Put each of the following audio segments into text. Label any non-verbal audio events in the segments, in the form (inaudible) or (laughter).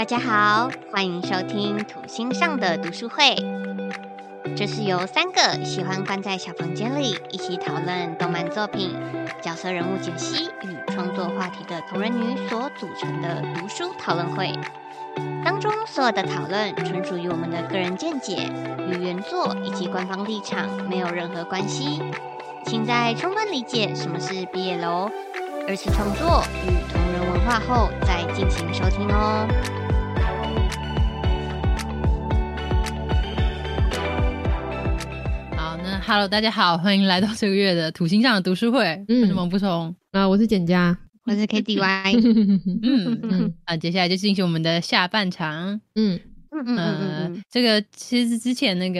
大家好，歡迎收聽土星上的讀書會。這是由三個喜歡關在小房間裡一起討論動漫作品、角色人物解析與創作話題的同人女所組成的讀書討論會。當中所有的討論純屬於我們的個人見解，與原作以及官方立場沒有任何關係。請在充分理解什麼是 BL、二次創作與同人文化後再進行收聽哦。Hello，大家好，歡迎來到這個月的土星上的讀書會。嗯，萌不充，那我是減加，我是 KZY。嗯 (laughs) 嗯，嗯，嗯，嗯、啊，接下來就進行我們的下半場。嗯嗯嗯、呃、這個其實之前那個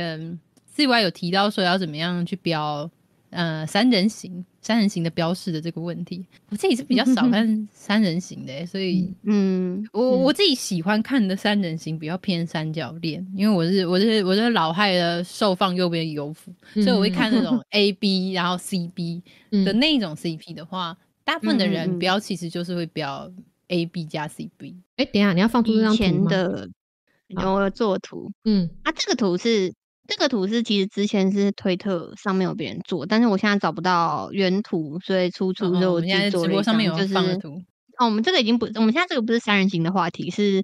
KZY 有提到說要怎麼樣去標。呃，三人行、三人行的標示的這個問題，我自己是比較少看三人行的，欸， (laughs) 所以，嗯，我嗯我自己喜歡看的三人行比較偏三角戀，因為我是我是我是老害的受放右邊的右腐，嗯，所以我會看那種 A (laughs) B 然後 C B 的那一種 C P 的話，嗯，大部分的人標其實就是會標 A B 加 C B。哎，嗯嗯嗯，欸，等一下你要放出這張圖嗎？我做圖，嗯，啊，這個圖是。這個圖是其實之前是推特上面有別人做，但是我現在找不到原圖，所以出處就我自己做了一張。就是哦，我們這個已經不，我們現在這個不是三人行的話題，是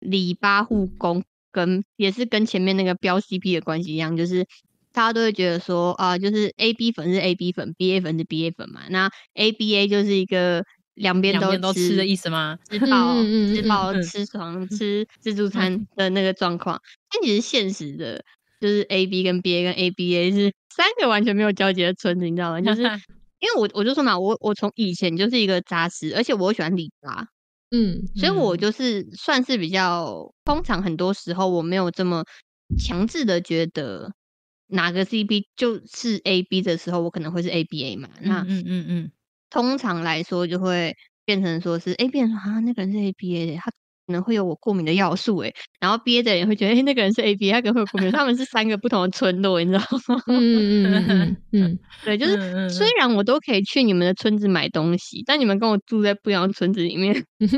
裡巴護工跟也是跟前面那個標 CP 的關係一樣，就是大家都會覺得說啊、呃，就是 AB 粉是 AB 粉，BA 粉是 BA 粉嘛，那 ABA 就是一個兩邊，兩邊都吃的意思嗎？ (laughs) 吃飽、嗯嗯嗯嗯、吃飽、嗯、吃床、嗯、吃、吃、吃、吃自助餐的那個狀況，嗯、但其實現實的。就是 A B 跟 B A 跟 A B A 是三個完全沒有交集的村子，你知道嗎？ (laughs) 就是因為我我就說嘛，我我從以前就是一個雜食，而且我喜歡理答，嗯，所以我就是算是比較、嗯、通常很多時候我沒有這麼強制的覺得哪個 C P 就是 A B 的時候，我可能會是 A B A 嘛。那嗯嗯嗯，嗯嗯通常來說就會變成說是 A B、欸、說啊那個人是 A B A 的，他。可能會有我過敏的要素誒，然後 BA 的人也會覺得、欸、那個人是 A B，他可能會有過敏， (laughs) 他們是三個不同的村落，你知道嗎？嗯，嗯，嗯 (laughs) 對，就是、嗯、雖然我都可以去你們的村子買東西，嗯、但你們跟我住在不一樣的村子裡面， (laughs) 就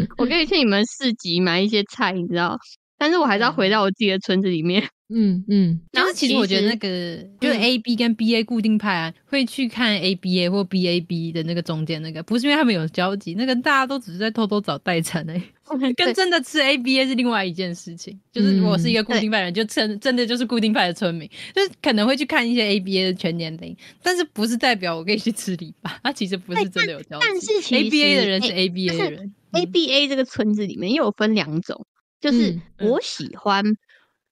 是我可以去你們市集買一些菜，你知道。但是我還是要回到我自己的村子裡面。嗯嗯，然後其實我覺得那個就是 A B 跟 B A 固定派啊，會去看 A B A 或 B A B 的那個中間那個，不是因為他們有交集，那個大家都只是在偷偷找代餐而已。跟真的吃 A B A 是另外一件事情。就是我是一個固定派人，就真真的就是固定派的村民，就是可能會去看一些 A B A 的全年齡，但是不是代表我可以去吃裡吧？他其實不是真的有交集，但但其實、欸。但是 A B A 的人是、嗯、A B A 的人，A B A 這個村子裡面又有分兩種。就是我喜歡，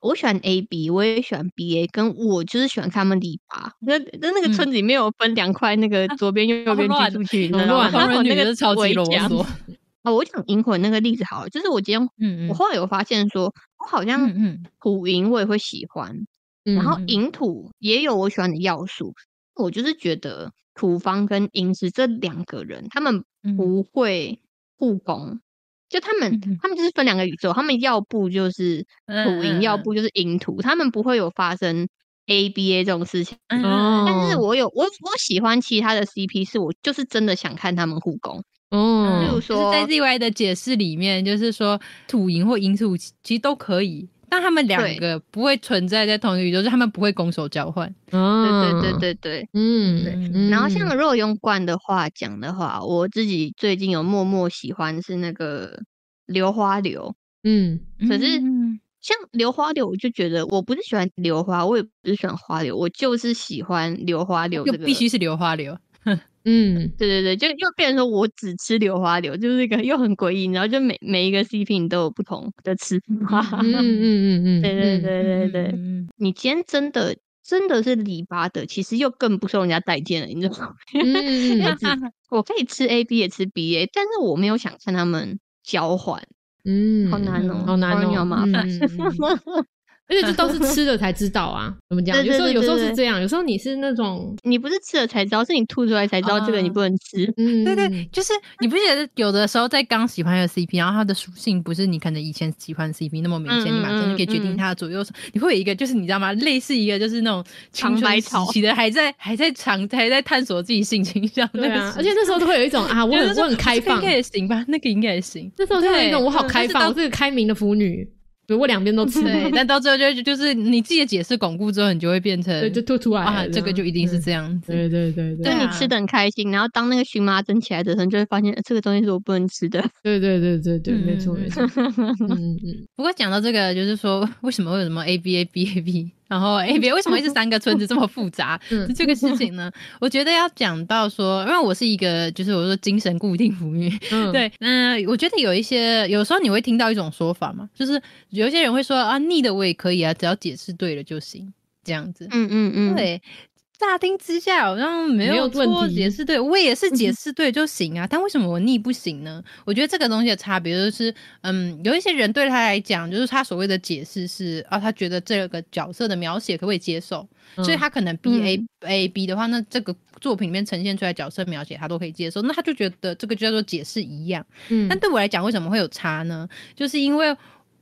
我喜歡 A B，我也喜歡 B A，跟我就是喜歡他們裡吧。那那那個村子裡面有分兩塊，那個左邊又右邊分出去。然後那個超級囉嗦。哦，我講銀魂那個例子好了，就是我今天，嗯我後來有發現說，我好像嗯土銀我也會喜歡，然後銀土也有我喜歡的要素。我就是覺得土方跟銀時這兩個人，他們不會互攻。就他們，他們就是分兩個宇宙，他們要不就是土銀，uh. 要不就是銀土，他們不會有發生 ABA 這種事情。Oh. 但是我有我我喜歡其他的 CP，是我就是真的想看他們互攻。就、oh. 是在 KZY 的解釋裡面，就是說土銀或銀土其實都可以。但他們兩個對不會存在在同一個宇宙，就他們不會攻受交換。對對對對對，嗯。對。然後像如果用灌的話講的話，嗯、我自己最近有默默喜歡是那個流花流。嗯，可是像流花流，我就覺得我不是喜歡流花，我也不是喜歡花流，我就是喜歡流花流這個必須是流花流。嗯，對對對，就又變成說我只吃流花流，就是一個又很詭異，然後就每每一個 CP 你都有不同的吃法。嗯嗯嗯嗯，嗯嗯嗯對對對對對，嗯嗯、你今天真的真的是理巴的，其實又更不受人家待見了，你知道嗎？嗯、 (laughs) 我可以吃 AB 也吃 BA，但是我沒有想看他們交換。嗯，好難哦，好難哦，麻煩。而且這都是吃了才知道啊，怎麼講？有時候有時候是這樣，有時候你是那種你不是吃了才知道，是你吐出來才知道這個你不能吃。嗯，對對，就是你不覺得有的時候在剛喜歡一個 CP，然後他的屬性不是你可能以前喜歡 CP 那麼明顯，你馬上就可以決定他的左右手。你會有一個就是你知道嗎？類似一個就是那種長白草，起的還在還在嘗，還在探索自己性傾向。對啊，而且那時候都會有一種啊，我很我很開放，應該也行吧，那個應該也行。那時候會有一種我好開放，我是個開明的腐女。如我兩邊都吃， (laughs) 但到最後就就是你自己的解釋鞏固之後，你就會變成對，就吐出來了，啊、這，樣這個就一定是這樣子。對對對對。對，你吃的很開心，然後當那個蕁麻疹起來的時候，你就會發現，呃、這個東西是我不能吃的。對對對對對，嗯，沒錯沒錯。嗯 (laughs) 嗯。不過講到這個，就是說為什麼會有什麼 A B A B A B？然後哎，AB 為什麼會是三個村子這麼複雜？ (laughs) 嗯，這個事情呢，我覺得要講到說，因為我是一個就是我說精神固定腐女，嗯、 (laughs) 對，那我覺得有一些有時候你會聽到一種說法嘛，就是有些人會說啊，逆的我也可以啊，只要解釋對了就行，這樣子，嗯嗯嗯，嗯嗯對。大庭之下好像沒有錯，解釋對我也是解釋對就行啊。嗯、但為什麼我逆不行呢？我覺得這個東西的差別就是，嗯，有一些人對他來講，就是他所謂的解釋是啊，他覺得這個角色的描寫可不可以接受，嗯、所以他可能 B M. A A B 的話，那這個作品裡面呈現出來的角色描寫他都可以接受，那他就覺得這個就叫做解釋一樣。嗯，但對我來講，為什麼會有差呢？就是因為。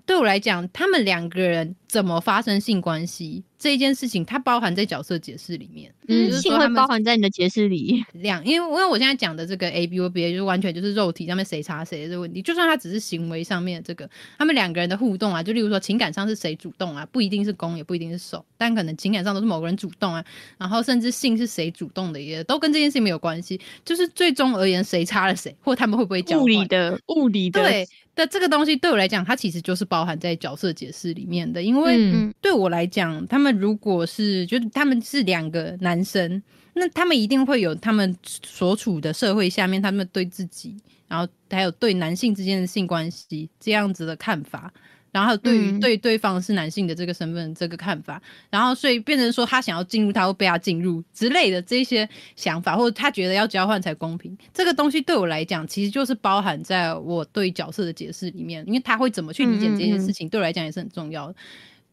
對我來講，他們兩個人怎麼發生性關係這一件事情，它包含在角色解釋裡面。嗯，性會包含在你的解釋裡。兩，因為因為我現在講的這個 A B 或 B A，就是完全就是肉體上面誰插誰的這個問題。就算他只是行為上面的這個，他們兩個人的互動啊，就例如說情感上是誰主動啊，不一定是攻，也不一定是守，但可能情感上都是某個人主動啊。然後甚至性是誰主動的也，也都跟這件事情沒有關係。就是最終而言，誰插了誰，或他們會不會交換物理的，物理的。對但這個東西對我來講，它其實就是包含在角色解釋裡面的。因為對我來講，嗯、他們如果是就他們是兩個男生，那他們一定會有他們所處的社會下面，他們對自己，然後還有對男性之間的性關係這樣子的看法。然後對於對對方是男性的這個身份這個看法，嗯、然後所以變成說他想要進入，他會被他進入之類的這些想法，或者他覺得要交換才公平，這個東西對我來講，其實就是包含在我對角色的解釋裡面，因為他會怎麼去理解這些事情，嗯嗯嗯，對我來講也是很重要的。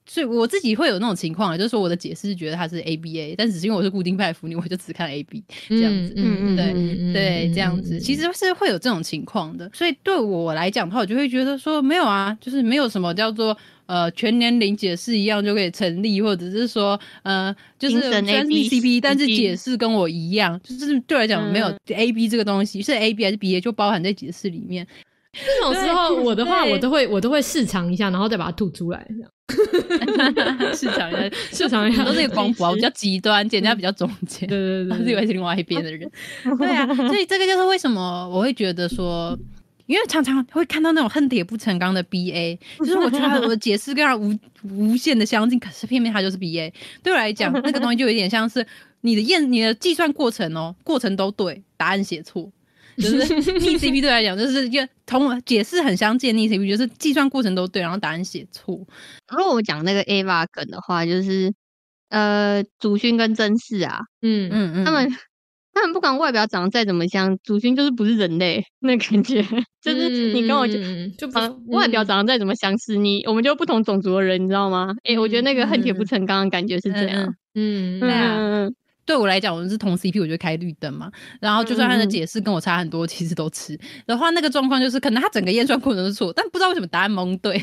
所以我自己會有那種情況，就是說我的解釋是覺得他是 A B A，但是只是因為我是固定派婦女，我就只看 A B 這樣子。嗯嗯，對、嗯、對，嗯、對這樣子其實是會有這種情況的。所以對我來講的話，我就會覺得說沒有啊，就是沒有什麼叫做呃全年齡解釋一樣就可以成立，或者是說呃就是 A B C B，但是解釋跟我一樣，就是對我來講沒有 A B、嗯、這個東西，是 A B 還是 B A 就包含在解釋裡面。這種時候我的話我都會對我都會試嘗一下，然後再把它吐出來 (laughs) 市場呀！ (laughs) 市場呀！都是一、啊、這個光譜啊。我比較極端，減加比較中間。對對對，是以為是另外一邊的人。對，對，對，對啊，所以這個就是為什麼我會覺得說，因為常常會看到那種恨鐵不成鋼的 BA， (laughs) 就是我覺得我的解釋跟他無無限的相近，可是偏偏他就是 BA。對我來講，那個東西就有點像是你的驗你的計算過程哦，過程都對，答案寫錯。 (laughs) 就是逆 CP 對來講，就是因為同解釋很相近的逆 CP，就是計算過程都對，然後答案寫錯。如果我講那個 EVA 梗的話，就是呃，渚薰跟真嗣啊，嗯嗯嗯，嗯他們他們不管外表長得再怎麼像，渚薰就是不是人類那感覺，就是你跟我就、嗯嗯、就不、啊嗯、外表長得再怎麼相似，你我們就不同種族的人，你知道嗎？誒、欸、我覺得那個恨鐵不成鋼的感覺是這樣，嗯，對啊。對我來講，我們是同 CP，我就開綠燈嘛。然後就算他的解釋跟我差很多，嗯、其實都吃的話，那個狀況就是可能他整個驗算過程是錯，但不知道為什麼答案蒙對，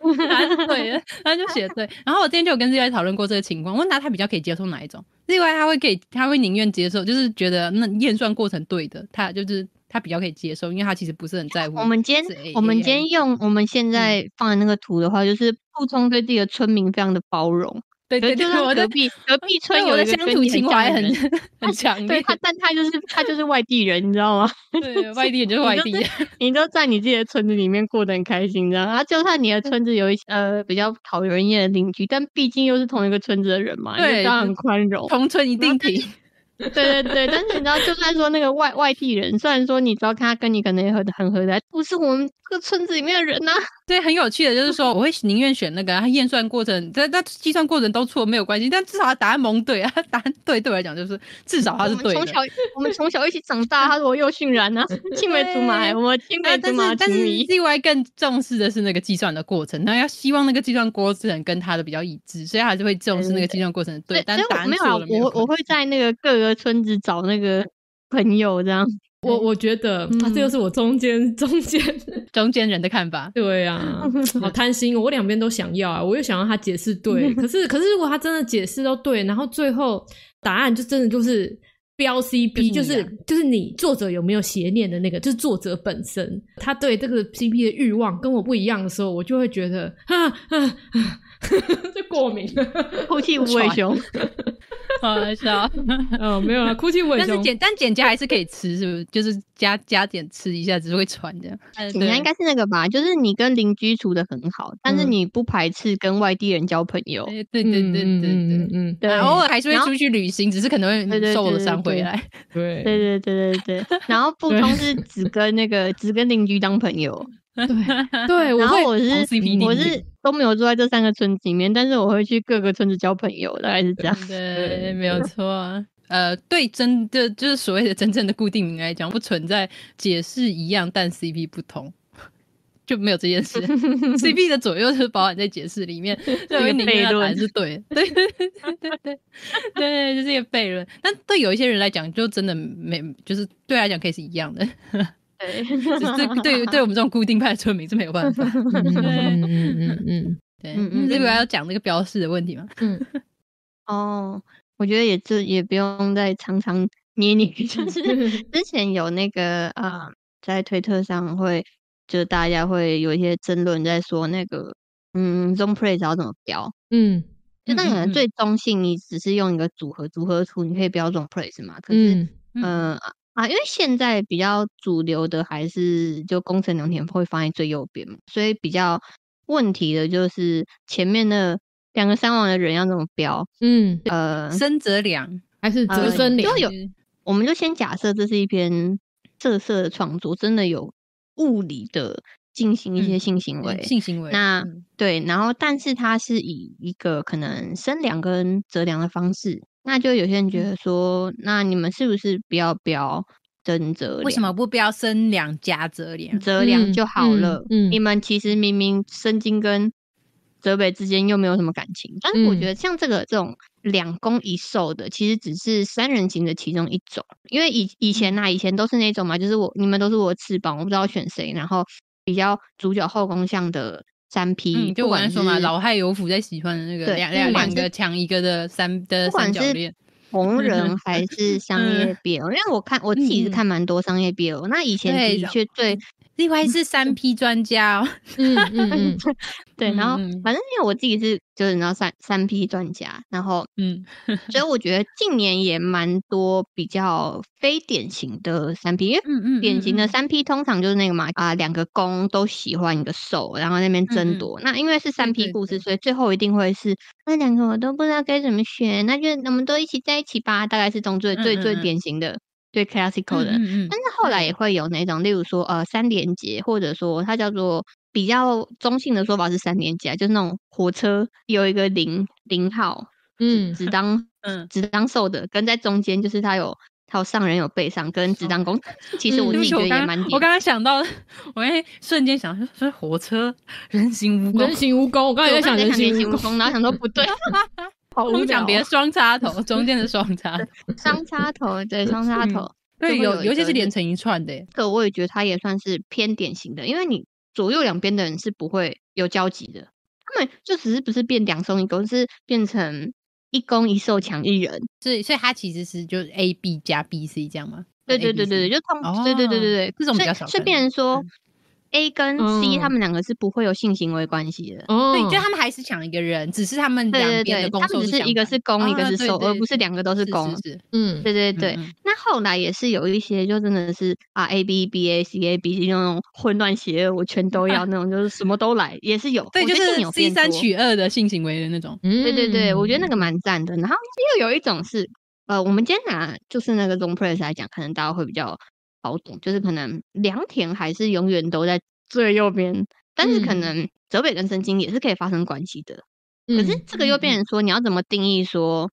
蒙 (laughs) 對了，他就寫對。 (laughs) 然後我今天就有跟 KZY 討論過這個情況，我問他他比較可以接受哪一種，KZY 他會可以，他會寧願接受，就是覺得那驗算過程對的，他就是他比較可以接受，因為他其實不是很在乎、啊。我們今天我們今天用我們現在放的那個圖的話，嗯、就是不充對自己的村民非常的包容。對，對，就是我隔壁隔壁，隔壁村，有的鄉土情懷很 (laughs) 很強烈， (laughs) 對，他 (laughs) 但他就是他就是外地人，你知道嗎？對，外地人就是外地人。 (laughs) 你都在你自己的村子裡面過得很開心，知道嗎？啊，就算你的村子有一些呃比較討人厭的鄰居，但畢竟又是同一個村子的人嘛，對，他很寬容。同村一定挺。 (laughs) 對對對，但是你知道，就算說那個外 (laughs) 外，外地人，雖然說你主要看他跟你可能很很合的。不是我們這個村子裡面的人吶、啊。所以很有趣的，就是說我會寧願選那個他驗算過程，他他計算過程都錯沒有關係，但至少他答案蒙對啊，答案對對我來講就是至少他是對的。從小 (laughs) 我們從小、小一起長大，他說我幼馴染呢、啊，青梅竹馬，我們青梅竹馬，但是你另外更重視的是那個計算的過程，他要希望那個計算過程跟他的比較一致，所以還是會重視那個計算過程、嗯、對、對。但是沒有我沒有、啊、我、我會在那個個人。村子找那個朋友，這樣我我覺得，嗯啊、這個是我中間中間中間人的看法。 (laughs) 對啊，好貪心、哦，我兩邊都想要啊，我又想要他解釋對，嗯、可是可是如果他真的解釋都對，然後最後答案就真的就是標 CP，就是、啊就是、就是你作者有沒有邪念的那個，就是作者本身他對這個 CP 的欲望跟我不一樣的時候，我就會覺得哈。哈哈這過敏，哭泣無尾熊，好笑。哦沒有了，哭泣無尾熊。但是簡，但減加還是可以吃，是不是？就是加加點吃一下，只會喘這樣。你應該是那個吧？就是你跟鄰居處得很好，但是你不排斥跟外地人交朋友。對對對對對對。嗯，對，偶爾還是會出去旅行，只是可能會受了傷回來。對對對對對對。然後不，通是只跟那個只跟鄰居當朋友。對對，然後我是我是都沒有住在這三個村子裡面，但是我會去各個村子交朋友，大概是這樣。對，沒有錯。呃，對，真的就是所謂的真正的固定名來講，不存在解釋一樣，但 CP 不同就沒有這件事。CP 的左右是包含在解釋裡面，所以你的還是對，對對對對，就是個悖論。但對有一些人來講，就真的沒，就是對來講可以是一樣的。對，這對 (laughs) 對，對我們這種固定派的村民是沒有辦法。嗯嗯嗯嗯，對，這個要講那個標示的問題嗎？嗯，哦，我覺得也這也不用再常常捏你。就 (laughs) 是之前有那個啊、呃，在推特上會，就是大家會有一些爭論在說那個，嗯丼 play 要怎麼標？嗯，就那可能最中性，你只是用一個組合、嗯、組合圖，你可以標丼 play 嘛？可是，嗯。嗯呃啊，因為現在比較主流的還是就宮城良田會放在最右邊嘛，所以比較問題的就是前面的兩個三網的人要怎麼標？嗯，呃，深澤良，還是澤深良，都、呃、有，我們就先假設這是一篇這色，色的創作，真的有物理的進行一些性行為，嗯嗯、性行為。那、嗯、對，然後但是它是以一個可能深良跟澤良的方式。那就有些人覺得說，那你們是不是不要不要爭澤良，為什麼不標深良加澤良、澤良就好了。嗯嗯嗯、你們其實明明深津跟澤北之間又沒有什麼感情，但是我覺得像這個這種兩攻一受的，其實只是三人行的其中一種。因為以以前吶、啊，以前都是那種嘛，就是我你們都是我的翅膀，我不知道選誰，然後比較主角後宮向的。三 P，、嗯、就我剛才是說嘛，老害有福在喜歡的那個兩兩對個搶一個的三的三角戀，同人還是商業 BL、 (laughs) 嗯、因為我看我自己是看蠻多商業 BL，、嗯、那以前的確對。對另外是三 P 專家、喔 (laughs) 嗯，嗯嗯 (laughs) 對，然後、嗯嗯、反正因為我自己是就是然後三三 P 專家，然後嗯， (laughs) 所以我覺得近年也蠻多比較非典型的三 P、嗯，嗯、因為典型的三 P 通常就是那個嘛啊，兩、嗯嗯呃、個攻都喜歡一個受，然後那邊爭奪。嗯嗯、那因為是三 P 故事，對對對，所以最後一定會是那兩個我都不知道該怎麼選，那就我們都一起在一起吧，大概是中最最、嗯嗯、最典型的。最 classical 的，嗯嗯、但是後來也會有那種，嗯、例如說，呃，三連結，或者說它叫做比較中性的說法是三連結，就是那種火車有一個零零號，嗯，只當，嗯，只當受的跟在中間，就是他有他有上人有背上跟只當攻。嗯、其實我自己覺得也蠻，嗯，我剛剛想到，我剛剛瞬間想說是火車人形蜈蚣，人形蜈蚣，我剛才在想人形蜈蚣，然後想說不對。 (laughs) 我們講別的雙插頭，中間的雙插，頭，雙 (laughs) 插頭，對，雙插頭，嗯、對，有，有尤其是連成一串的。可我也覺得它也算是偏典型的，因為你左右兩邊的人是不會有交集的，他們就只是不是變兩受一攻，是變成一攻一受搶一人。所以，所以它其實是就 A B 加 B C 這樣嗎？對對對對對，就通，哦、對對對對對，這種比較少。順說。嗯 A 跟 C、嗯、他們兩個是不會有性行為關係的對，對就他們還是搶一個人，只是他們兩個的，是的。對對對，他們只是一個是攻，一個是受，而不是兩個都是攻。嗯，對對對。那後來也是有一些，就真的是啊，A B B A C A B C, A, B, C 那種混亂邪惡， (laughs) 我全都要那種，就是什麼都來，也是有。對，就是 C 三取二的性行為的那種。嗯，對對對，我覺得那個蠻讚的。然後又有一種是，呃，我們今天拿就是那個 long press 來講，可能大家會比較。好懂，就是可能良田還是永遠都在最右邊，嗯、但是可能澤北跟深津也是可以發生關係的。嗯、可是這個又變成說，嗯、你要怎麼定義說，嗯、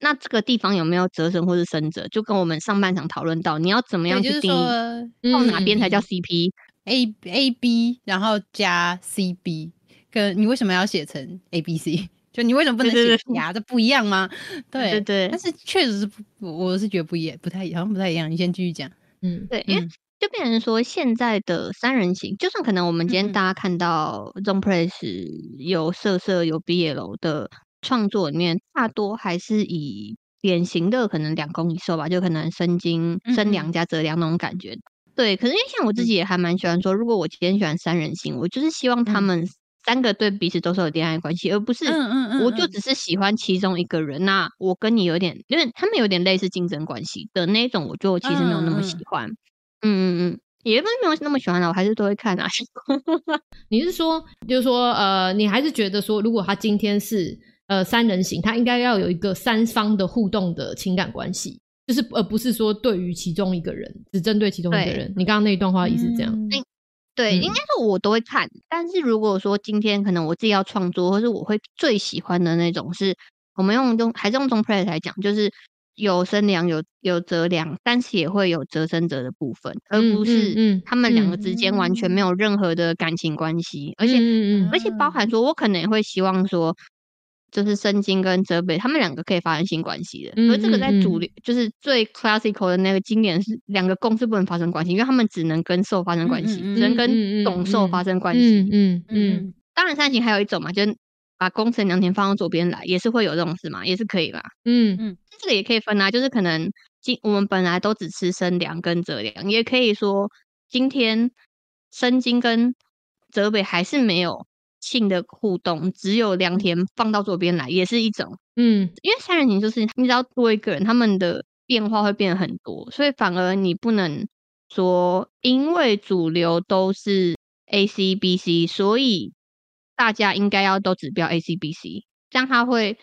那這個地方有沒有澤深或是深澤，就跟我們上半場討論到，你要怎麼樣去定義放哪邊才叫 CP？A、嗯、A B，然後加 C B，跟你為什麼要寫成 A B C？ (laughs) 就你為什麼不能寫牙對、啊？這不一樣嗎？對 (laughs) 對對、對，但是確實是不，我是覺得不一樣，不太好像不太一樣。你先繼續講。嗯，對，因為就變成說現在的三人行，嗯、就算可能我們今天大家看到 Zone Press 有色色有 BL 的創作裡面，大多還是以典型的可能兩攻一受吧，就可能深津深良加澤良那種感覺。嗯、對，可是因為像我自己也還蠻喜歡說，如果我今天喜歡三人行，我就是希望他們。三個對彼此都是有戀愛關係，而不是我就只是喜歡其中一個人，啊。那我跟你有點，因為他們有點類似競爭關係的那種，我就其實沒有那麼喜歡。嗯嗯嗯，也不是沒有那麼喜歡了，啊，我還是都會看啊 (laughs) 。你是說，就是說，呃，你還是覺得說，如果他今天是呃三人行，他應該要有一個三方的互動的情感關係，就是而不是說對於其中一個人，只針對其中一個人。你剛剛那一段話也是這樣？嗯對，嗯、應該是我都會看，但是如果說今天可能我自己要創作，或是我會最喜歡的那種是，是我們用中還是用中 play 來講，就是有深良有有澤良，但是也會有澤深澤的部分，而不是他們兩個之間完全沒有任何的感情關係，嗯嗯嗯，而且嗯嗯而且包含說我可能也會希望說。就是深津跟澤北，他們兩個可以發生性關係的。嗯、而這個在主流就是最 classical 的那個經典是兩個攻是不能發生關係，因為他們只能跟受發生關係，嗯、只能跟懂受發生關係，嗯。嗯嗯。嗯嗯當然三型還有一種嘛，就是，把宮城良田放到左邊來，也是會有這種事嘛，也是可以啦，嗯。嗯嗯。這個也可以分啊，就是可能今我們本來都只吃深良跟澤良，也可以說今天深津跟澤北還是沒有。性的互動只有良田放到左邊來，也是一種，嗯，因為三人行就是，你知道多一個人，他們的變化會變得很多，所以反而你不能說，因為主流都是 A C B C，所以大家應該要都指標 A C B C，這樣他會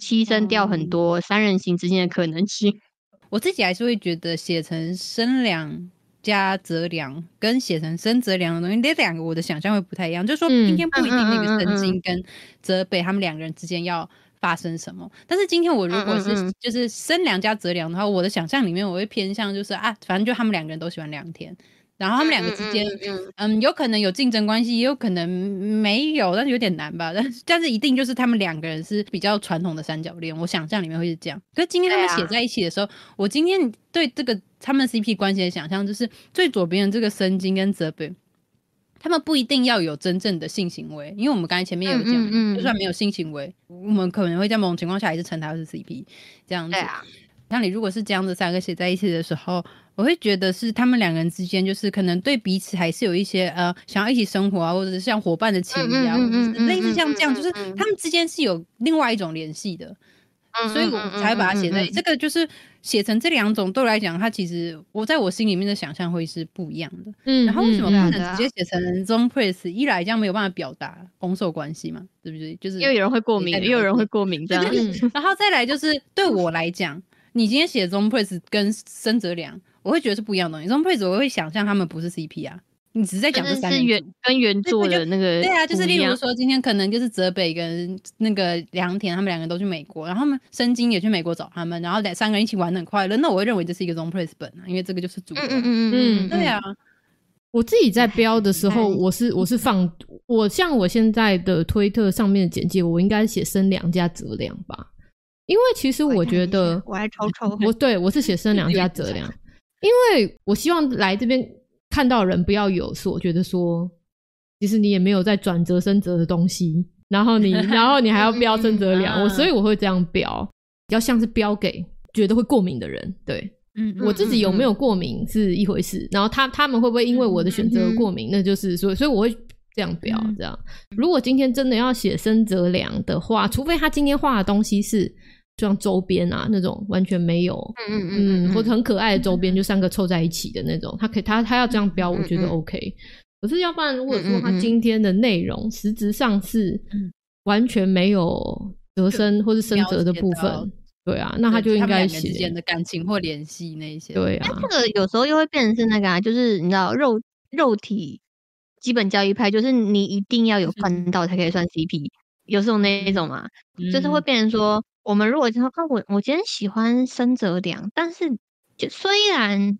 犧牲掉很多三人行之間的可能性，嗯。我自己還是會覺得寫成深良。加澤良跟寫成深澤良的東西，那兩個我的想象會不太一樣。嗯、就是說，今天不一定那個深津跟澤北他們兩個人之間要發生什麼。但是今天我如果是就是深良加澤良的話，我的想象裡面我會偏向就是啊，反正就他們兩個人都喜歡良田。然後他們兩個之間，嗯,嗯,嗯,嗯，有可能有競爭關係，也有可能沒有，但是有點難吧。但是，但是一定就是他們兩個人是比較傳統的三角戀。我想象裡面會是這樣。可是今天他們寫在一起的時候，哎、呀我今天對這個他們 CP 關係的想象就是，最左邊的這個深津跟澤北，他們不一定要有真正的性行為，因為我們剛才前面有講，嗯嗯嗯、就算沒有性行為，我們可能會在某種情況下還是稱他是 CP 這樣子。那、哎、呀你如果是這樣子三個寫在一起的時候。我會覺得是他們兩個人之間，就是可能對彼此還是有一些呃，想要一起生活啊，或者是像夥伴的情誼啊，類似像這樣，嗯嗯嗯、就是他們之間是有另外一種聯繫的，嗯、所以我才把它寫在，嗯嗯、這個就是寫成這兩種對我來講，他其實我在我心裡面的想象會是不一樣的。嗯，然後為什麼不能直接寫成 Zone Press？一來這樣沒有辦法表達攻受關係嘛，對不對？就是又有人會過敏，對對對，又有人會過敏這樣子。嗯、然後再來就是對我來講， (laughs) 你今天寫 Zone Press 跟深澤良。我會覺得是不一樣的東西。這種配置我會想象他們不是 CP 啊，你只是在講是原跟原作的那個對啊，就是例如說今天可能就是澤北跟那個良田他們兩個都去美國，然後他們深津也去美國找他們，然後三個人一起玩很快樂，那我會認為這是一個 zone place 本啊，因為這個就是主角、嗯。嗯嗯對啊。我自己在標的時候，我是我是放我像我現在的推特上面的簡介，我應該寫深良加澤良吧，因為其實我覺得我愛超超，我，還抽抽 (laughs) 我對我是寫深良加澤良。因為我希望來這邊看到的人不要有所覺得說，其實你也沒有在轉折深澤的東西，然後你然後你還要標深澤良， (laughs) 我所以我會這樣標，比較像是標給覺得會過敏的人。對， (laughs) 我自己有沒有過敏是一回事，然後他他們會不會因為我的選擇過敏， (laughs) 那就是說，所以我會這樣標。這樣，如果今天真的要寫深澤良的話，除非他今天畫的東西是。就像周邊啊，那種完全沒有，嗯嗯嗯，或者很可愛的周邊，就三個湊在一起的那種，他可以，他他要這樣標，我覺得 OK。可是要不然，如果說他今天的內容實質上是完全沒有澤深或是深澤的部分，對啊，那他就應該寫之間的感情或聯繫那一些，對啊。這個有時候又會變成是那個，啊，就是你知道肉肉體基本教義派，就是你一定要有幹到才可以算 CP，有時候那一種嘛，就是會變成說。我們如果就說啊，我我今天喜歡深澤良，但是就雖然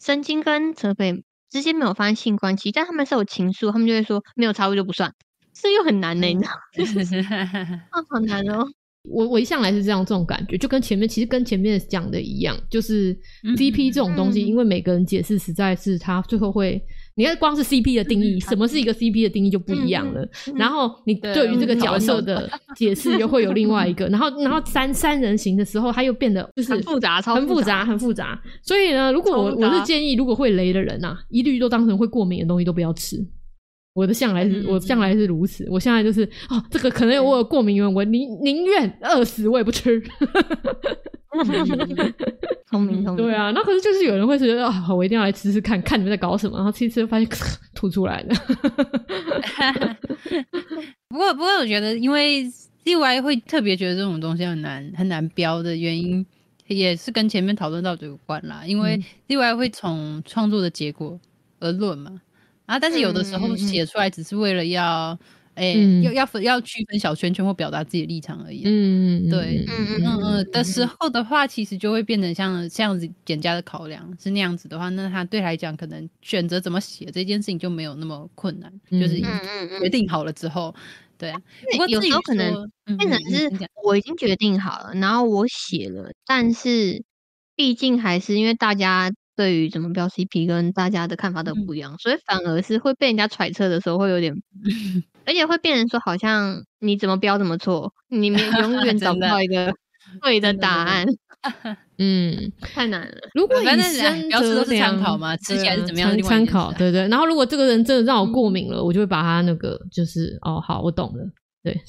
深津跟澤北之間沒有發生性關係，但他們是有情愫，他們就會說沒有插入就不算，這又很難呢。你 (laughs) (laughs) 啊，好難哦！我我一向來是這樣這種感覺，就跟前面其實跟前面講的一樣，就是 D P 這種東西，嗯、因為每個人解釋實在是他最後會。你看，光是 CP 的定義，嗯、什麼是一個 CP 的定義就不一樣了。嗯嗯、然後你對於這個角色的解釋，又會有另外一個。嗯、然後，然後三 (laughs) 三人行的時候，他又變得就是很複雜很複雜，很複雜。所以呢，如果我,我是建議，如果會雷的人吶、啊，一律都當成會過敏的東西，都不要吃。我的向來是，嗯嗯嗯，我向來是如此。我向來就是，哦，這個可能有我過敏原因，對我寧寧願餓死，我也不吃。聰明，聰明。對啊，那可是就是有人會覺得，哦，我一定要來吃吃看對看你們在搞什麼，然後吃吃發現吐對出來了。 (laughs) 不過，不過我覺得因為 KZY 會特別覺得這種東西很難很難標的，原因也是跟前面討論到的有關啦。因為 KZY 會從創作的結果而論嘛。啊，但是有的時候寫出來只是為了要，哎，要要要區分小圈圈或表達自己的立場而已。嗯嗯對，嗯嗯嗯，嗯，嗯的時候的話，其實就會變成像，像這樣子，減加的考量是那樣子的話，那他對來講，可能選擇怎麼寫這件事情就沒有那麼困難，嗯、就是已經決定好了之後，對啊。不過有時候可能變成是，我已經決定好了，然後我寫了，但是畢竟還是因為大家。對於怎麼標 CP，跟大家的看法都不一樣，所以反而是會被人家揣測的時候會有點， (laughs) 而且會變成說好像你怎麼標怎麼錯，你永遠找不到一個對的答案。 (laughs) 真的 嗯，太難了。 (laughs) 如果你的標示都是參考嘛，吃起來是怎麼樣，參考對對，對。然後如果這個人真的讓我過敏了，我就會把他那個就是哦，好，我懂了。對，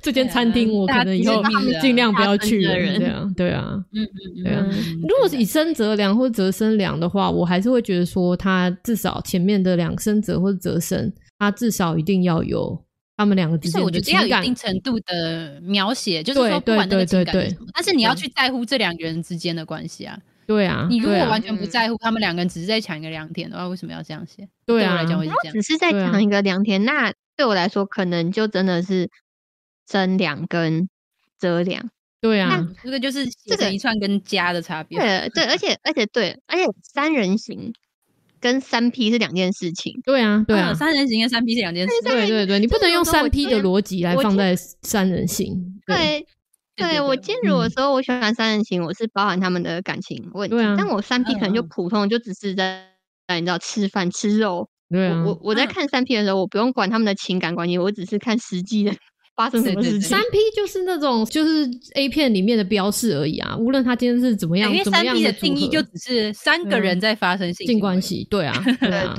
這間餐廳我可能以後盡量不要去了。這樣，對啊，嗯嗯，對啊。如果是以深澤良或澤深良的話，我還是會覺得說，他至少前面的兩深澤或者澤深，他至少一定要有他們兩個之間的情感。我覺得要有一定程度的描寫，就是說，不管那個情感是什麼，但是你要去在乎這兩個人之間的關係啊。對啊，你如果完全不在乎他們兩個人，只是在講一個良田的話，為什麼要這樣寫？對啊，我只是在講一個良田那。對我來說，可能就真的是增兩跟遮兩，對啊，這個、這個就是這個一串跟加的差別。對，對，而且而且對，而且三人行跟三 P 是兩件事情。對啊，對啊,啊，三人行跟三 P 是兩件事情。對,對對對，你不能用三 P 的邏輯來放在三人行。對，對,對我進入我的時候，嗯、我喜歡三人行，我是包含他們的感情問題，對啊、但我三 P 可能就普通，嗯啊、就只是在你知道吃飯吃肉。對啊，我我在看三 P 的時候，我不用管他們的情感關係，我只是看實際的發生什麼事情。三 P 就是那種就是 A 片裡面的標示而已啊，無論他今天是怎麼樣，因為三 P 的定義就只是三個人在發生性關係，對啊，對啊，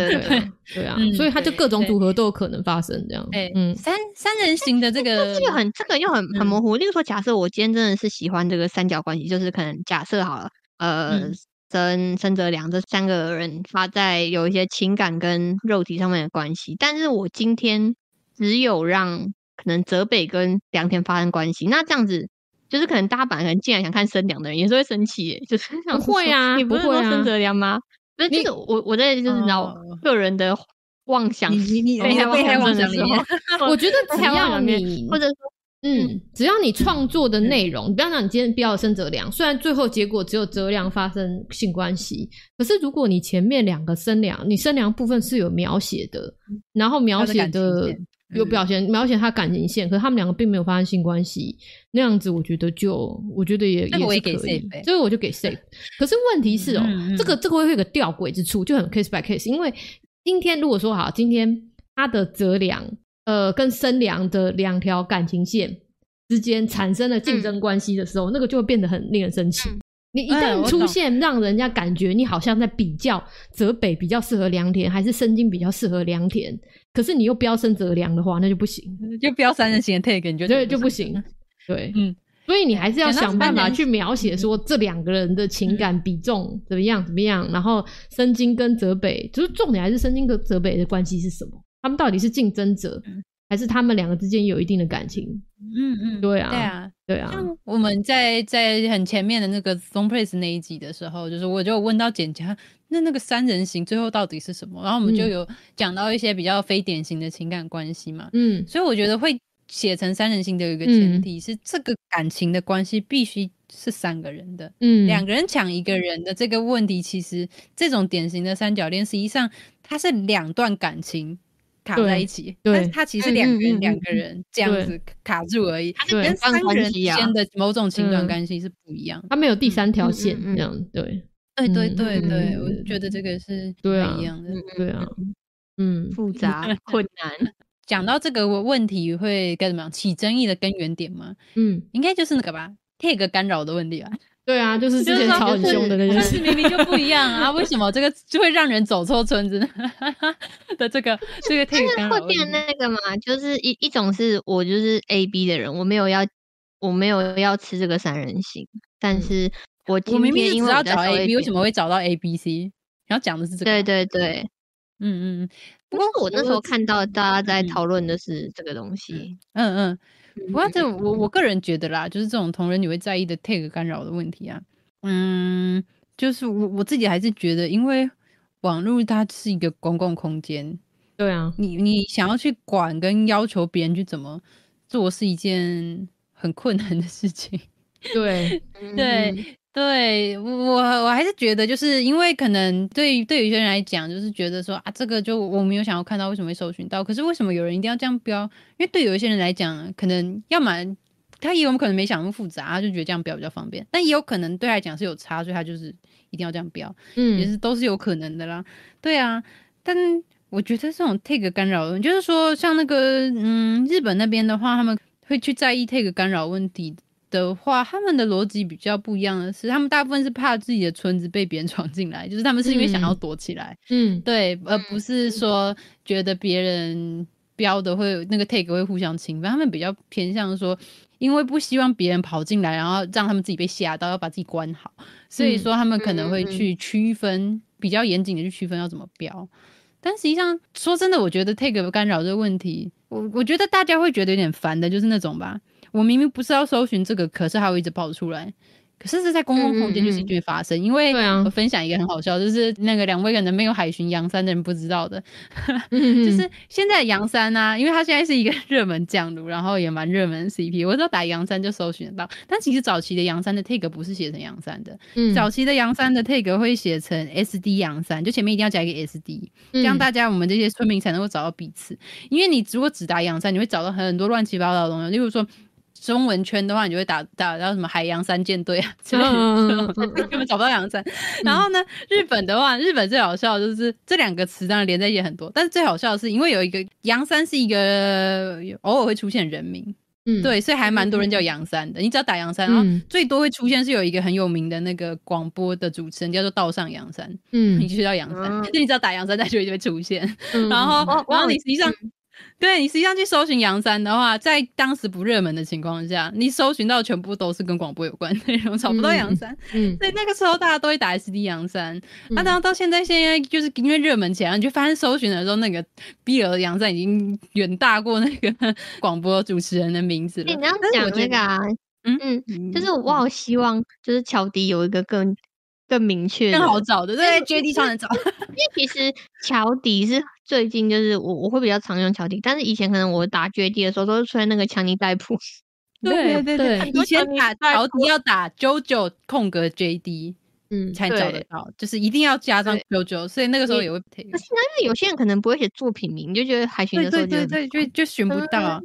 對啊，所以他就各種組合都有可能發生這樣。哎，嗯，三三人行的這個這個很這個又很很模糊。例如說，假設我今天真的是喜歡這個三角關係，就是可能假設好了，呃。深深澤良這三個人發在有一些情感跟肉體上面的關係，但是我今天只有讓可能澤北跟良田發生關係，那這樣子就是可能大阪能竟然想看深良的人也是會生氣，就是不會啊，你不會說深澤良嗎？不會、啊、是，我我在就是聊個人的妄想，妄想的時候還妄想妄想，我覺得只要你或者說。嗯，嗯，只要你創作的內容，嗯、你不要講你今天不要深澤良。嗯、雖然最後結果只有澤良發生性關係，可是如果你前面兩個深良，你深良部分是有描寫的，然後描寫的有表現的、嗯、描寫他的感情線，可是他們兩個並沒有發生性關係，那樣子我覺得就我覺得也、嗯、也是可以，safe, 所以我就給 safe、嗯、可是問題是哦、喔，嗯嗯，這個這個會有一個弔詭之處，就很 case by case，因為今天如果說好，今天他的澤良。呃，跟深良的兩條感情線之間產生了競爭關係的時候，嗯、那個就會變得很令人生氣。嗯、你一旦出現、嗯、讓人家感覺你好像在比較澤北比較適合良田，還是深津比較適合良田，可是你又標深澤良的話，那就不行，就標三人行的 take，你覺得、嗯、對，就不行。嗯、對，嗯，所以你還是要想辦法去描寫說這兩個人的情感比重、嗯、怎麼樣怎麼樣，然後深津跟澤北，就是重點還是深津跟澤北的關係是什麼？他們到底是競爭者，還是他們兩個之間有一定的感情？嗯嗯，對啊，對啊，對啊。像我們在在很前面的那個《Thompress》那一集的時候，就是我就問到簡家，那那個三人行最後到底是什麼？然後我們就有講到一些比較非典型的情感關係嘛。嗯，所以我覺得會寫成三人行的一個前提、嗯、是，這個感情的關係必須是三個人的。嗯，兩個人搶一個人的這個問題，其實這種典型的三角戀，實際上它是兩段感情。卡在一起，但是他其實兩個兩個人這樣子卡住而已，他是跟三人間的某種情感關係是不一樣，他沒有第三條線這樣子，對，對對對，我覺得這個是不一樣的，對啊，嗯，複雜困難。講到這個問題會該怎麼樣？起爭議的根源點嗎？嗯，應該就是那個吧，take 干擾的問題吧。對啊，就是之前吵很凶的那些，就是就是明明就不一樣啊， (laughs) 啊！為什麼這個就會讓人走錯村子的？這個 (laughs) 這個太會變那個嘛，就是一一種是我就是 A B 的人，我沒有要，我沒有要吃這個三人行，但是我今天因為我我明明只要找 A B，為什麼會找到 A B C？然後講的是這個，對對對，嗯嗯嗯。嗯。不過我那時候看到大家在討論的是這個東西，嗯嗯，不過這我我個人覺得啦，就是這種同人女你會在意的 tag 干擾的問題啊，嗯，就是我我自己還是覺得，因為網絡它是一個公共空間，對啊，你你想要去管跟要求別人去怎麼做是一件很困難的事情，對對。 (laughs) 對對我，我還是覺得，就是因為可能對，對於對有些人來講，就是覺得說啊，這個就我沒有想要看到，為什麼會搜尋到？可是為什麼有人一定要這樣標？因為對有一些人來講，可能要麼他我們可能沒想到那麼複雜，就覺得這樣標比較方便。但也有可能對他來講是有差，所以他就是一定要這樣標，嗯，也是都是有可能的啦。對啊，但我覺得這種 tag 干擾，就是說像那個嗯日本那邊的話，他們會去在意 tag 干擾問題。的話，他們的邏輯比較不一樣的是，他們大部分是怕自己的村子被別人闖進來，就是他們是因為想要躲起來，嗯，對，嗯、而不是說覺得別人標的會那個 tag 會互相侵犯，他們比較偏向說，因為不希望別人跑進來，然後讓他們自己被嚇到，要把自己關好，嗯、所以說他們可能會去區分、嗯、比較嚴謹的去區分要怎麼標，但實際上說真的，我覺得 tag 干擾這個問題，我我覺得大家會覺得有點煩的，就是那種吧。我明明不是要搜尋這個，可是還會一直跑出來。可是是在公共空間、嗯、就是一定發生，嗯、因為我分享一個很好笑，啊、就是那個兩位可能沒有海巡陽山的人不知道的，嗯、 (laughs) 就是現在陽山呢、啊，因為他現在是一個熱門降爐，然後也蠻熱門的 CP，我只要打陽山就搜尋得到。但其實早期的陽山的 tag 不是寫成陽山的，早期的陽山的 tag 會寫成 SD 陽山，就前面一定要加一個 SD、嗯、這樣大家我們這些村民才能夠找到彼此。嗯、因為你如果只打陽山，你會找到很多亂七八糟的東西，例如說，中文圈的話，你就會打打到什麼“海洋三艦隊”啊，根本找不到洋三。然後呢，日本的話，日本最好笑就是這兩個詞當然連在一起很多，但是最好笑的是，因為有一個洋三是一個偶爾會出現人名，對，所以還蠻多人叫洋三的。你只要打洋三，然後最多會出現是有一個很有名的那個廣播的主持人叫做道上洋三。嗯，你就叫洋三，就你知道打洋三，他就就會出現，然後然後你實際上。對，你實際上去搜尋楊三的話，在當時不熱門的情況下，你搜尋到全部都是跟廣播有關內容，找不到楊三。嗯嗯、所以那個時候大家都會打 SD 楊三。那當、嗯啊、然到現在，現在就是因為熱門起來，你就發現搜尋的時候，那個 BL 楊三已經遠大過那個廣播主持人的名字了。欸、你這樣講那個啊，嗯，嗯，就是我好希望，就是喬迪有一個更。更明確、更好找的，對，JD 上能找。因為其實喬迪是最近，就是我我會比較常用喬迪，但是以前可能我打 JD 的時候都是出現那個強尼戴普。對對對，以前打喬迪要打 JoJo 空格 JD，嗯，才找得到，就是一定要加上 JoJo，所以那個時候也會。可是因為有些人可能不會寫作品名，你就覺得還行，的時候就就就尋不到，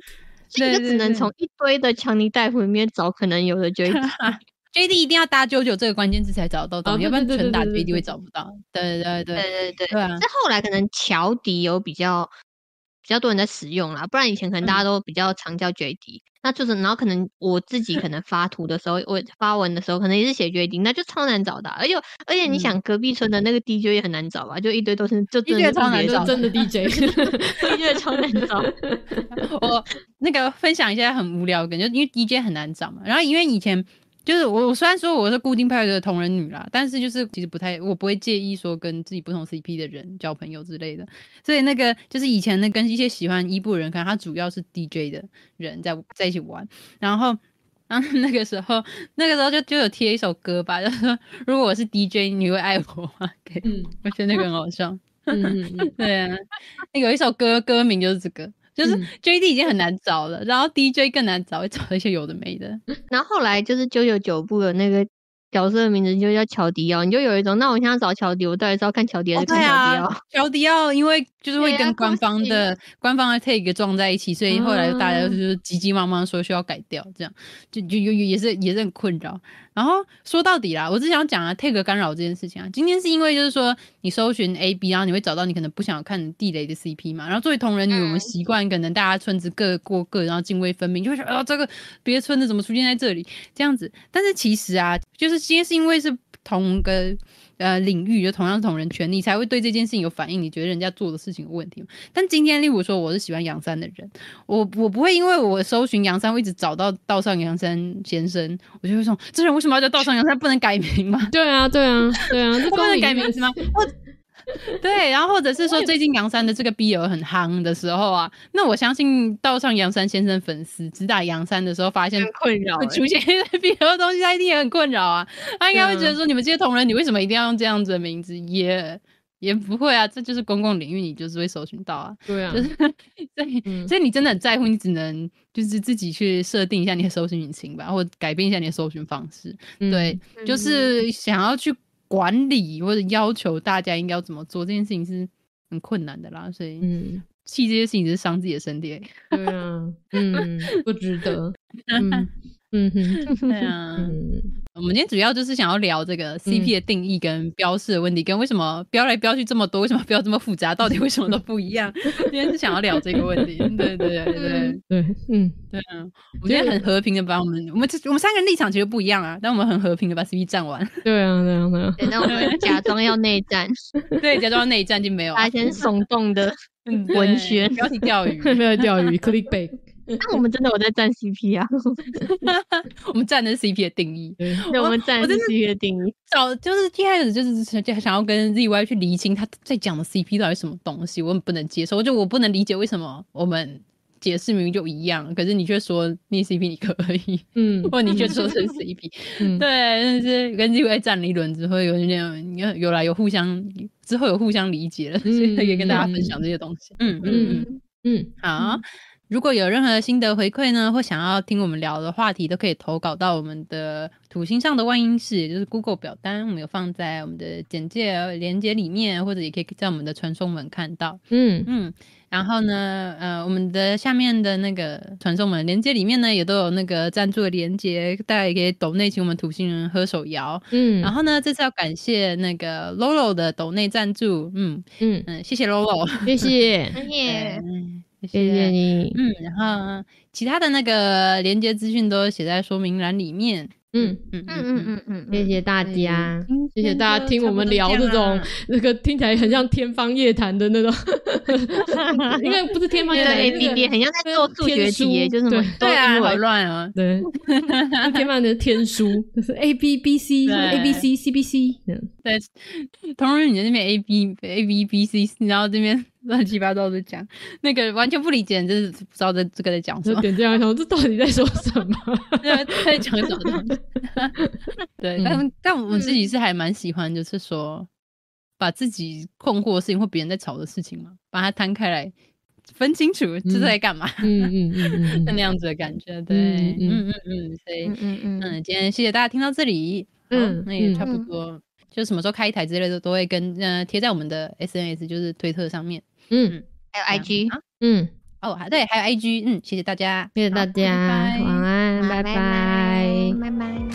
所以就只能從一堆的強尼戴普裡面找，可能有的就。J D 一定要搭九九這個關鍵字才找得到，要不然純打 B D 會找不到。對對對對對，對對。對啊、這後來可能喬迪有比較比較多人在使用啦，不然以前可能大家都比較常叫 J D、嗯。那就是然後可能我自己可能發圖的時候， (laughs) 我發文的時候可能也是寫 J D，那就超難找的、啊。而且而且你想隔壁村的那個 D J 也很難找吧？嗯、就一堆都是就真的 (laughs) 就超難找，真的 D J，音樂超難找。我那個分享一下很無聊，感覺就因為 D J 很難找嘛。然後因為以前。就是我，我雖然說我是固定派的同人女啦，但是就是其實不太，我不會介意說跟自己不同 CP 的人交朋友之類的。所以那個就是以前呢跟一些喜歡伊布的人看，可能他主要是 DJ 的人在在一起玩。然後，然、啊、後那個時候，那個時候就就有貼一首歌吧，就是、說如果我是 DJ，你會愛我嗎？我覺得那個很好笑。嗯 (laughs) 對啊，那有一首歌，歌名就是這個。就是 J D 已經很難找了，嗯、然後 D J 更難找，找找一些有的沒的。然後後來就是九九九部的那個角色的名字就叫喬迪奧，你就有一種，那我現在找喬迪，我到底是要看喬迪還是看喬迪奧？Okay 啊、 (laughs) 喬迪奧，因為。就是會跟官方的、哎、官方的 tag 撞在一起，所以後來大家就是急急忙忙說需要改掉，這樣就就也也是也是很困擾。然後說到底啦，我只想講啊，tag 干擾這件事情啊，今天是因為就是說你搜尋 ab，然後你會找到你可能不想看地雷的 cp 嘛。然後作為同人女，我們、嗯、習慣可能大家村子各過各，然後涇渭分明，就會說啊，這個別的村子怎麼出現在這裡這樣子。但是其實啊，就是今天是因為是同個。呃，領域就同樣同人權，你才會對這件事情有反應。你覺得人家做的事情有問題嗎？但今天，例如說，我是喜歡楊三的人，我我不會因為我搜尋楊三，我一直找到道上楊三先生，我就會說，這人為什麼要叫道上楊三？ (laughs) 不能改名嗎？對啊，對啊，對啊，就 (laughs) 不能改名字嗎？我。 (laughs) 對，然後或者是說，最近楊三的這個 BL 很夯的時候啊，那我相信道上楊三先生粉絲只打楊三的時候，發現困擾會、欸、出現 BL 的東西，他一定也很困擾啊。他應該會覺得說，你們這些同人，你為什麼一定要用這樣子的名字？也、嗯 yeah, 也不會啊，這就是公共領域，你就是會搜尋到啊。對啊，就是所以，嗯、所以你真的很在乎，你只能就是自己去設定一下你的搜尋引擎吧，或改變一下你的搜尋方式。嗯、對，就是想要去。管理或者要求大家應該要怎麼做，這件事情是很困難的啦，所以，嗯，氣這些事情是傷自己的身體，對啊，嗯， (laughs) 不值得， (laughs) 嗯嗯哼，對啊。嗯我們今天主要就是想要聊這個 CP 的定義跟標示的問題，嗯、跟為什麼標來標去這麼多，為什麼標這麼複雜，到底為什麼都不一樣？ (laughs) 今天是想要聊這個問題。對對對對對，嗯，對，嗯對。我們今天很和平的把我們以我們我們三個人立場其實不一樣啊，但我們很和平的把 CP 戰完對，啊。對啊對啊對啊。那我們就假裝要內戰， (laughs) 對，假裝內戰就沒有，啊。大家先聳動的文宣，不要去釣魚，不要釣魚，click bait。那我們真的我在戰 CP 啊， (laughs) (laughs) 我們戰的是 CP 的定義，嗯、我們戰的是 CP 的定義。早、嗯、就是一開始就是就想，想要跟 ZY 去釐清他在講的 CP 到底什麼東西，我們不能接受，就我不能理解為什麼我們解釋明明就一樣，可是你卻說逆 CP 你可以，嗯，或你卻說是 CP，嗯，對，但是跟 ZY 戰了一輪之後，有點你看有來有互相，之後有互相理解了，嗯、所以可以跟大家分享這些東西。嗯嗯嗯嗯，嗯對嗯好。嗯如果有任何心得回饋呢，或想要聽我們聊的話題，都可以投稿到我們的土星上的萬應室，也就是 Google 表單。我們有放在我們的簡介連接裡面，或者也可以在我們的傳送門看到。嗯嗯。然後呢，呃，我們的下面的那個傳送門連接裡面呢，也都有那個贊助的連接，大家也可以抖內請我們土星人喝手搖。嗯。然後呢，這次要感謝那個 Lolo 的抖內贊助。嗯嗯嗯，謝謝 Lolo，謝謝，謝謝、 (laughs) 嗯。謝謝你。嗯，然後其他的那個連接資訊都寫在說明欄裡面。嗯嗯嗯嗯嗯嗯，謝謝大家，謝謝大家聽我們聊這種那個聽起來很像天方夜譚的那種。因為不是天方夜譚，A B B 很像在做數學題，就是對啊，好亂啊，對。天方的天書就是 A B B C、A B C C B C，對，同人在那邊 A B A B B C，然後這邊。亂七八糟的講，那個完全不理解，就是不知道在這個在講什麼，點這樣想，這到底在說什麼？在在講什麼？對，嗯、但但我們自己是還蠻喜歡，就是說把自己困惑的事情或別人在吵的事情嘛，把它攤開來，分清楚這是在幹嘛？嗯嗯嗯，嗯嗯嗯嗯 (laughs) 那樣子的感覺，對，嗯嗯嗯，嗯，所以嗯嗯，嗯，嗯今天謝謝大家聽到這裡，嗯，那也差不多，嗯嗯、就什麼時候開一台之類的都會跟，呃，貼在我們的 SNS 就是推特上面。嗯，還有 IG，嗯，啊、哦，對，還有 IG，嗯，謝謝大家，謝謝大家，晚安，拜拜，拜拜。